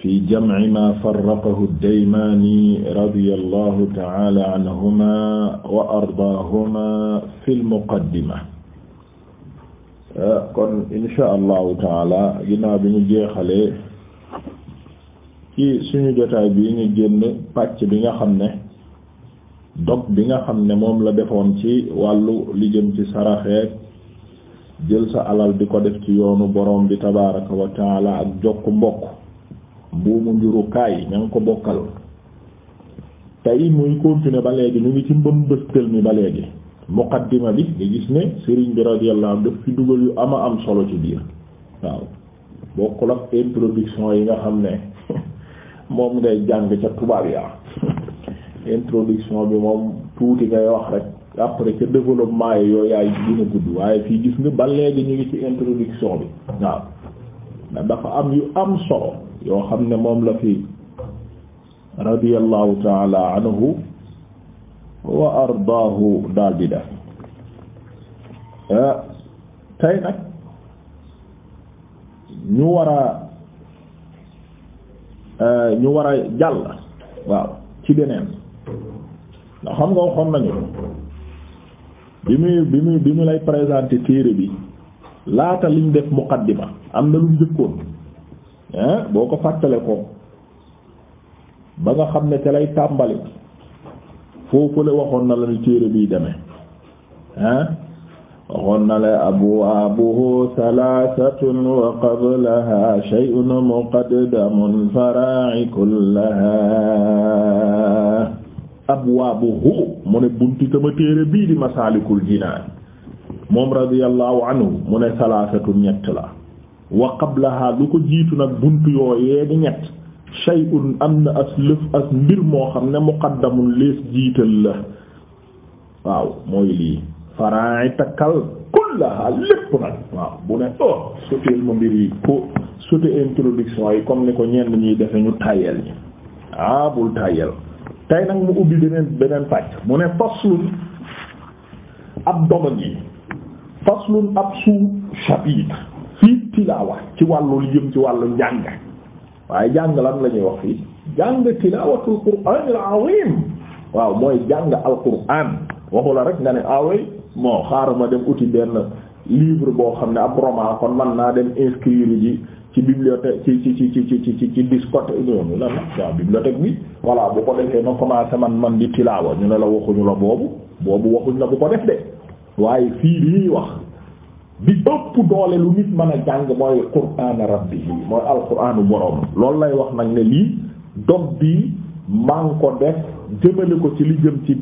fi jamci ma farraqahu daymaani radiyallahu ta'ala anhuma wa ardaahuma fil muqaddima kon insha allahu ta'ala ginnaaw bi ñu jeexalee ci suñu jotaay bi ñu génn pàcc bi nga xam ne dog bi nga xam ne moom la defoon ci wàllu li jëm ci saraxeek jël sa alal bi ko def ci yoonu borom bi tabaaraka wa ta'ala ak jokk mbokk buumu njurukaay ña ngi ko bokkal tey muy continuer ba léegi ñu ngi ci mbëmbëstal mi ba léegi muqaddima bi nga gis ne sëriñ bi radiyallahu anhu daf fi dugal yu ama am solo ci biir waaw bokkul ak introduction yi nga xam ne moom ngay jàng ca tubaab yaa introduction bi moom tuuti ngay wax rek après ca développement yi yooyu yaay dina gudd waaye fii gis nga ba léegi ñu ngi ci introduction bi waaw dafa am yu am solo yoo xam ne moom la fi radiyallahu taala anhu wa ardaahu daal di def tey nag ñu war a ñu war a jàll waaw ci beneen ndax xam nga waxoon nañu bi muy bi muy bi mu lay présenter téere bi laata liñ def muqaddima am na lu njëkkoon boo ko fàttale ko ba nga xam ne te lay tàmbali foofu la waxoon na la ni téere biy demee ah waxoon na la abwaabuhu thalathatun wa qablaha shay'un muqaddamun fara'i kullaha abwaabuhu mu ne bunti sama téere bii di masaalikul jinaan moom radiyallahu mu ne thalathatun ñett la wa qablaha lu ko jiitu nag bunt yooyee di ñett shay'un am na as lëf as mbir moo xam ne muqaddamun lees jiital la waaw mooy lii faraay takkal kullaha lépp nag waaw bu ne oh soteel ma mbir yi ko sote introduction yi comme ni ko ñenn ñuy defe ñu tàyyel ñi ah bul tàyyel tey nag mu ubbi beneen beneen pàcc mu ne faslun ab dogal yi faslun ab sous chapitre fii tilaawa ci wàllu yëm ci wàllu njàng waaye jàng lan la ñuy wax fii jàng tilaawatul qur'aanil aziim waaw mooy jàng alqur'aan waxu la rek nga moo ah xaaral ma dem uti benn livre boo xam ne ab roman kon man naa dem inscrire ji ci bibliothèque ci ci ci ci ci ci ci discothèque noonu la na waaw bi voilà bu ko defee ma commencé man man di tilaawa ñu ne la waxuñu la boobu boobu waxuñ la bu ko def de waaye fii li ñuy wax bi ëpp doole lu nit mën a jàng mooy qur'ana rabbihi mooy alqur'anu boroom loolu lay wax nag ne lii dog bi maa ko def jëmale ko ci li jëm ci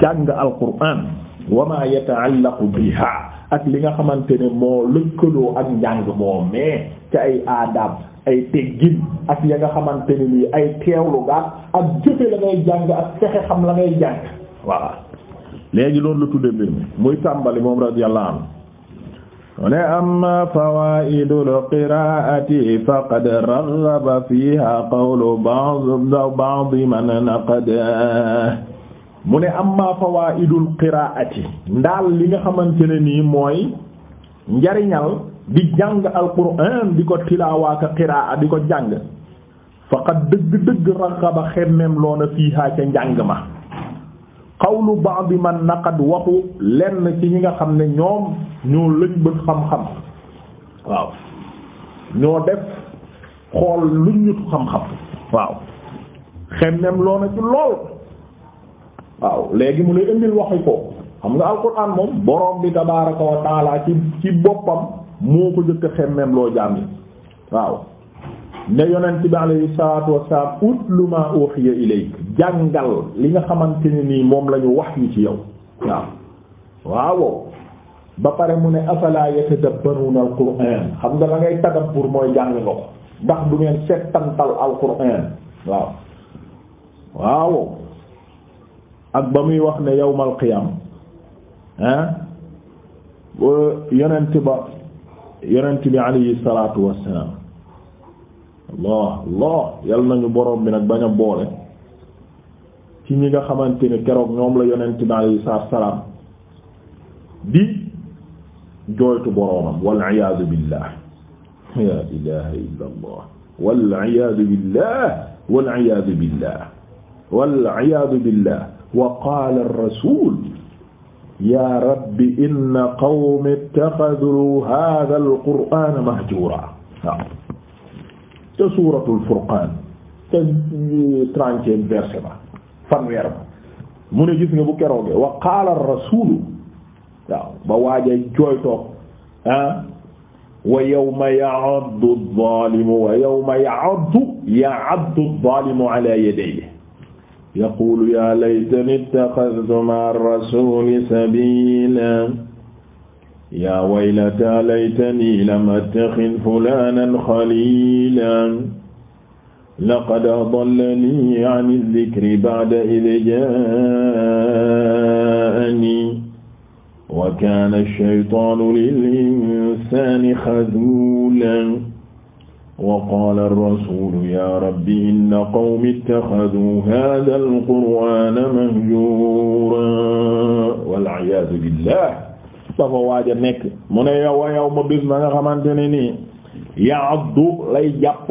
jàng alqur'an wa ma yata'allaqu biha ak li nga xamante ne moo lëkkaloo ak njàng moo mais ci ay aadab ay teggin ak ya nga xamante ne nii ay teewlu gaat ak jëfe la ngay jàng ak fexe xam la ngay jàng voilà léegi loolu la tudde mbir mi muy tàmbali moom radiyallahu anhu mu ne amma fawaa'idul qiraa'ati faqad rarraba fiihaa qawlu ba'di man naqada mu ne amma fawaa'idul qiraa'ati ndaal li nga xamante ne nii mooy njariñal di jàng alquraan di ko tilaawaaka qiraa'a di ko jàng faqad dëgg dëgg rarraba xemmem loona fiihaa ca njàng ma baax bi man naqad waxu lenn ci ñi nga xam ne ñoom ñoo lëñ bët xam-xam waaw ñoo def xool luñ ñutu xam-xam waaw xem nem loona ci lool waaw léegi mu lay indil waxi ko xam nga alquran moom borom bi tabaaraka wa taala ci ci boppam moo ko jëkk xem loo jaam waaw ne yonent bi alayhi salaatu wassalaam utlu ma uhiya ilayk jàngal li nga xamante ne nii moom la wax yu ci yow waaw waaw ba pare mu ne afala yatadabbaruna alquran xam nga la ngay tadabbur mooy jàng ko ndax du ngeen settantal alquran waaw waaw ak ba muy wax ne yawmal qiyam ah yonent ba yonent bi alayhi salaatu wassalaam Allah Allah yal nañu borom bi nag bañ a boole ci ñi nga xamante ni keroog ñoom la yonent bi alayhi salaam di jooytu boroomam wal iyaadu billah yaa ilaha illa allah wal iyaadu billah wal iyaadu billah wal iyaadu billah wa qaala ar-rasuul yaa rabbi inna qawmi ittaxaduu haadha al-qur'aana mahjuuraa waaw ca suuratul furqaan ca trentième verset ba fanweer ba mu ne gis nga bu keroogee wa qaala rasuulu waaw ba waaja jooy toog ah wa yawma ya'addu adh-dhalimu wa yawma ya'addu ya'addu adh-dhalimu ala yadayhi yaqulu ya laytani ittakhadhtu ma'a ar-rasuli sabila yaa waylataa laytanii lam attaxid fulaanan xaliilan laqad adallanii ani dikri ba'da id jaa'anii wa kaana shaytaanu lil insaani xazuulan wa qaala rasuulu yaa rabbi inna qawmi ittaxaduu haazal qur'aana mahjuuran wal-'iyaadu billaah dafa waaj nekk mu ne yow a ma bis ba nga xamante ne nii du lay jàpp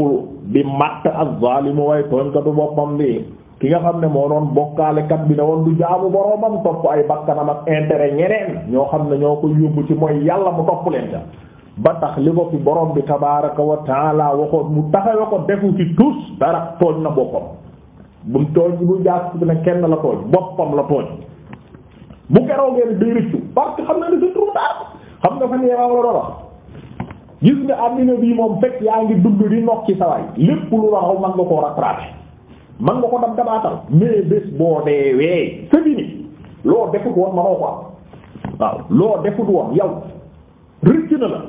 di matt az-zalimu way tooñkatu boppam bi ki nga xam ne moo doon bokkaalekat bi ne woon du jaamu boroomam topp ay bakkanam ak intérêt ñeneen ñoo xam ne ñoo ko yóbbu ci mooy yàlla mu topp leen ca ba tax li ko fi borom bi tabaaraka wa taala waxoon mu taxawe ko defu ci tus dara tooñ na boppam bu tooñ bu jaas bi ne kenn la tooñ boppam la tooñ bu keroogee ni day rëccu parce que xam na ne xam nga fa nee waaw la doon wax moom fekk yaa ngi dugg di nokki ci sawaay lépp lu raxaw man nga koo rattraper man nga ko dab dabaatal mais bés boo deewee c'est fini loo defut woon manoo ko am waaw loo defut woon yow rëcc na la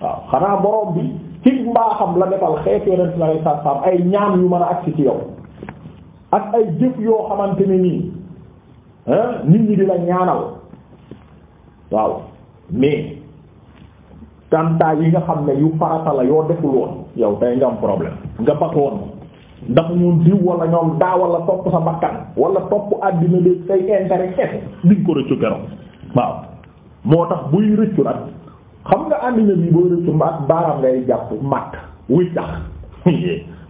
waaw xanaa borom bi ci mbaaxam la defal xeet yonent na lay saab ay ñaan yu man a agsi ci yow ak ay jëf yoo xamante ne nii nit ñi dina la ñaanal waaw mais tanta yi nga xam ne yu farata la yoo deful woon yow tey nga am problème nga bat ndax ñoom diw wala ñoom daa wala topp sa bakkan wala topp àddina de say intérêt kese diñ ko rëccu keroog waaw moo tax buy rëccu nag xam nga àddina bi booy rëccu maat baaraam ngay jàpp matt wuy tax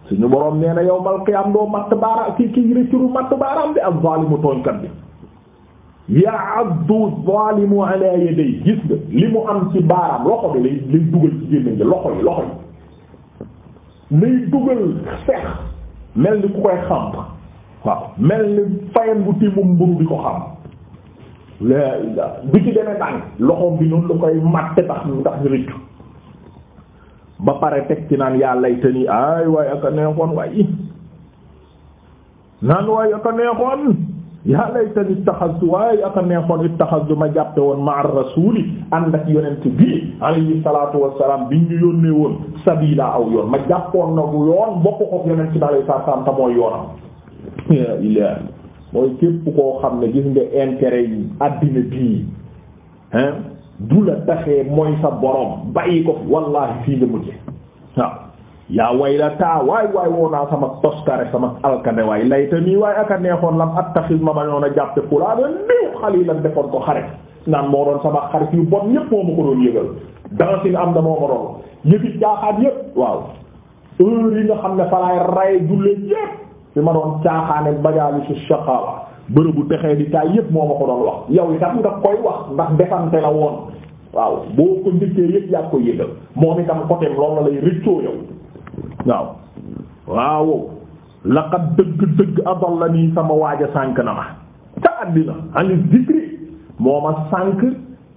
suñu borom nee na yow mal xiyaam doo matt baaraam ki ki rëccu matt baaraam bi ak zalimu tooñkat bi ya'addu zalimu ala yaday gis nga li mu am ci baaraam loxo bi lay lay dugal ci gémmiñ gi loxo yi loxo yi lay dugal fex mel ni ku koy xàmp waaw mel ni fayen bu timmum mburu di ko xam la la ci demee tànk loxoom bi noonu la koy matte tax ndax rëccu ba pare teg ci naan yaa layta nii ay waaye aka neexoon waaye naan waaye aka neexoon yaa laytani ittaxaztu waaye aka neexoon ittaxaztu ma jàppe woon ma ar rasuli ànd ak yonent bi alayhi salatu wassalam biñ ñu yónnee woon sabila aw yoon ma jàppoon nagu yoon bokk ko yonent bi alayhi salatu wassalam te mooy yoonam mooy képp koo xam ne gis nga intérêt yi àddina bii hein du la taxee mooy sa borom bàyyi ko fi wallahi fii nga mujje waaw yaa waylataa waay waay woo naa sama toskare sama alkande waay layta nii waay aka neexoon lam attaxis ma ma ñoon a jàppe fulaana néew xalilan defoon ko xarit naan moo doon sama xarit yu bon ñépp moo ma ko doon yëgal dansin am da moo ma doon yëfi caaxaan yépp waaw heure yi nga xam ne falaay ray julle yépp fi ma doon caaxaane bajaali su shaqawa bërëbu texee di taay yépp moo ma ko doon wax yow itam nga koy wax ndax defante la woon waaw boo ko njëkkee yépp yaa ko yëgal moom itam côté loolu la lay rëccoo yow waaw waaw laqad dëgg-dëgg adallanii sama waaja sànk na ma ca àddina ani zikri moo ma sànk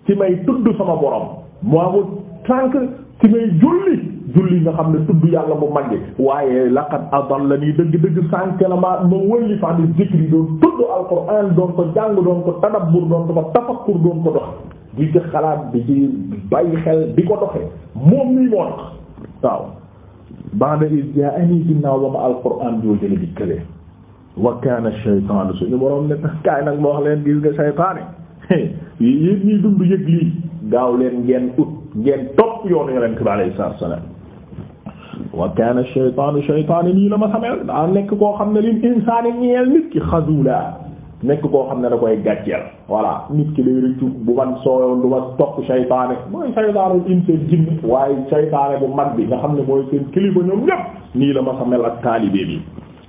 ci may tudd sama borom moo ma sànk ci may julli julli nga xam ne tudd yàlla bu mag waaye la adallanii dëgg-dëgg sànk la ma ma wëlli fa ani zikri doon tudd alquran doon ko jàng doon ko tadabbur doon ko ba tafakkur doon ko dox di ci xalaat bi ci bàyyi xel di ko doxe moom nii moo tax waaw ba'da iz jaa'anii ginnaaw ba ma alquraan jooju la dikkalee wa kaana shaytaanu suñu borom ne kaay nag ma leen gis nga saytaane yéen ñiy dund yëg lii gaaw leen ngeen ut ngeen topp yoonu yonent bi alayhi salaatu wa salaam wa kaana shaytaanu shaytaane nii la ma xamel daa nekk koo xam ne lil insaani ñeel nit ki xazula nekk koo xam ne da koy gàcceel voilà nit ki day rëccu bu man sooyoon du ma topp saytaane mooy saytaanul in seen jinne waaye saytaane bu mag bi nga xam ne mooy seen kilifa ñoom ñépp nii la ma sa mel ak taalibe bi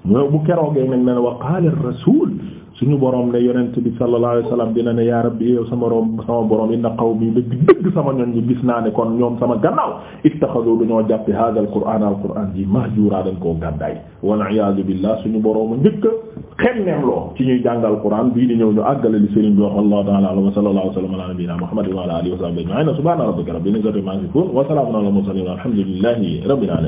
ñoow bu keroogee nag ne ne wa qaala rasul suñu borom ne yonent bi sallallahu alayhi wasallam dina ne yaa rabbi yow sama borom sama borom inna qawmi dëgg dëgg sama ñoñ ñi gis naa ne kon ñoom sama gannaaw ittaxadu dañoo jàppe hada al qur'an al qur'an ji mahjura dañ koo gàddaay wal billah suñu borom a njëkk a xemmeem loo ci ñuy jàngal qur'an bii di ñëw ñu àggale li sëriñ bi wax wallahu ta'ala wa sallallahu alayhi wa sallam ala nabiyyina muhammadin wa ala alihi wa sahbihi ajma'in subhana rabbika rabbil izzati amma